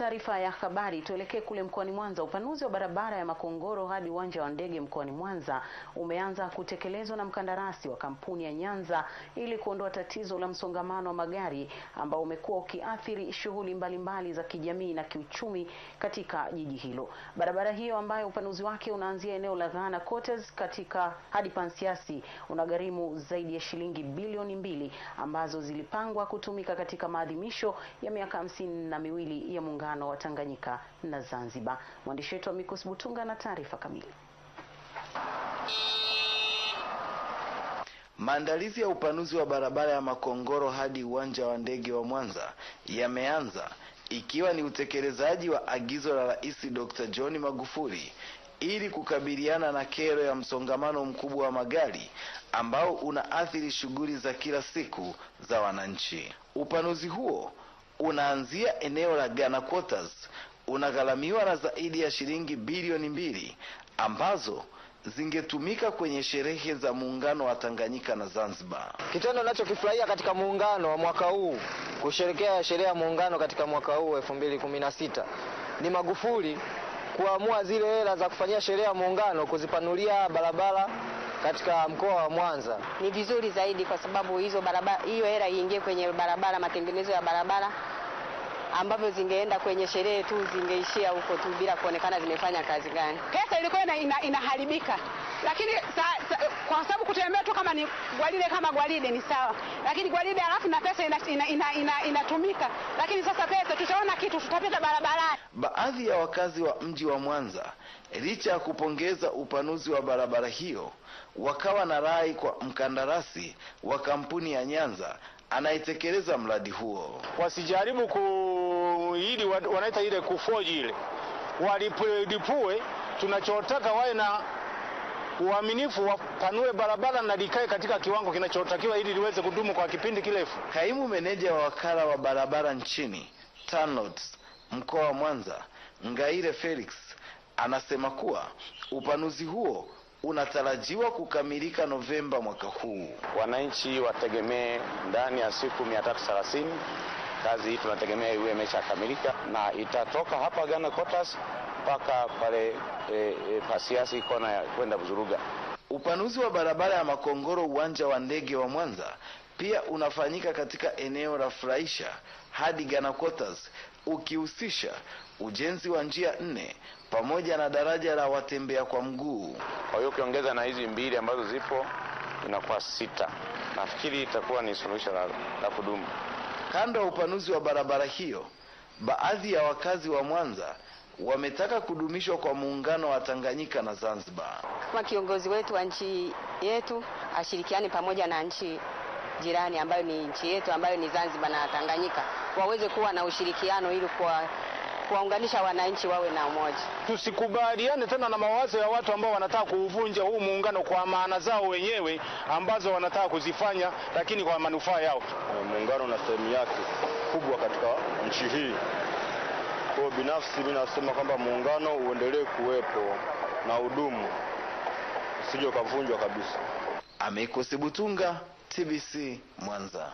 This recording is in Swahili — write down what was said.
taarifa ya habari tuelekee kule mkoani Mwanza. Upanuzi wa barabara ya Makongoro hadi uwanja wa ndege mkoani Mwanza umeanza kutekelezwa na mkandarasi wa kampuni ya Nyanza ili kuondoa tatizo la msongamano wa magari ambao umekuwa ukiathiri shughuli mbalimbali za kijamii na kiuchumi katika jiji hilo. Barabara hiyo ambayo upanuzi wake unaanzia eneo la Ghana Quarters katika hadi Pansiasi unagharimu zaidi ya shilingi bilioni mbili ambazo zilipangwa kutumika katika maadhimisho ya miaka hamsini na miwili ya muungano muungano wa Tanganyika na Zanzibar. Mwandishi wetu Amikus Butunga na taarifa kamili. Maandalizi ya upanuzi wa barabara ya Makongoro hadi uwanja wa ndege wa Mwanza yameanza ikiwa ni utekelezaji wa agizo la Rais Dr. John Magufuli ili kukabiliana na kero ya msongamano mkubwa wa magari ambao unaathiri shughuli za kila siku za wananchi. Upanuzi huo unaanzia eneo la Ghana Quarters unagharamiwa na zaidi ya shilingi bilioni mbili ambazo zingetumika kwenye sherehe za muungano wa Tanganyika na Zanzibar. Kitendo nachokifurahia katika muungano wa mwaka huu, kusherekea sherehe ya muungano katika mwaka huu 2016 ni Magufuli kuamua zile hela za kufanyia sherehe ya muungano kuzipanulia barabara katika mkoa wa Mwanza. Ni vizuri zaidi kwa sababu hizo barabara, hiyo hela iingie kwenye barabara, matengenezo ya barabara ambavyo zingeenda kwenye sherehe tu zingeishia huko tu bila kuonekana zimefanya kazi gani. Pesa ilikuwa ina, inaharibika lakini sa, sa, kwa sababu kutembea tu kama ni gwaride kama gwaride ni sawa, lakini gwaride halafu na pesa inatumika ina, ina, ina, ina, lakini sasa pesa tutaona kitu tutapita barabarani. Baadhi ya wakazi wa mji wa Mwanza licha ya kupongeza upanuzi wa barabara hiyo, wakawa na rai kwa mkandarasi wa kampuni ya Nyanza anayetekeleza mradi huo. Wasijaribu ku ili wanaita ile kufoji ile, walipue. Tunachotaka wawe na uaminifu wapanue barabara na likae katika kiwango kinachotakiwa ili liweze kudumu kwa kipindi kirefu. Kaimu meneja wa wakala wa barabara nchini TANROADS mkoa wa Mwanza, Ngaire Felix anasema kuwa upanuzi huo unatarajiwa kukamilika Novemba mwaka huu. Wananchi wategemee ndani ya siku 330 kazi hii tunategemea iwe imeshakamilika na itatoka hapa Ghana Quarters mpaka pale e, e, Pasiasi kona ya kwenda Buzuruga. Upanuzi wa barabara ya Makongoro uwanja wa ndege wa Mwanza pia unafanyika katika eneo la Furahisha hadi Ghana Quarters ukihusisha ujenzi wa njia nne pamoja na daraja la watembea kwa mguu. Kwa hiyo ukiongeza na hizi mbili ambazo zipo inakuwa sita. Nafikiri itakuwa ni suluhisho la, la kudumu. Kando ya upanuzi wa barabara hiyo, baadhi ya wakazi wa Mwanza wametaka kudumishwa kwa muungano wa Tanganyika na Zanzibar. Kama kiongozi wetu wa nchi yetu ashirikiane pamoja na nchi jirani ambayo ni nchi yetu ambayo ni Zanzibar na Tanganyika, waweze kuwa na ushirikiano ili kwa kuwaunganisha wananchi wawe na umoja. Tusikubaliane tena na mawazo ya watu ambao wanataka kuuvunja huu muungano kwa maana zao wenyewe ambazo wanataka kuzifanya, lakini kwa manufaa yao. Muungano na sehemu yake kubwa katika nchi hii. Kwa binafsi mi nasema kwamba muungano uendelee kuwepo na udumu, usije ukavunjwa kabisa. Amekosibutunga TBC Mwanza.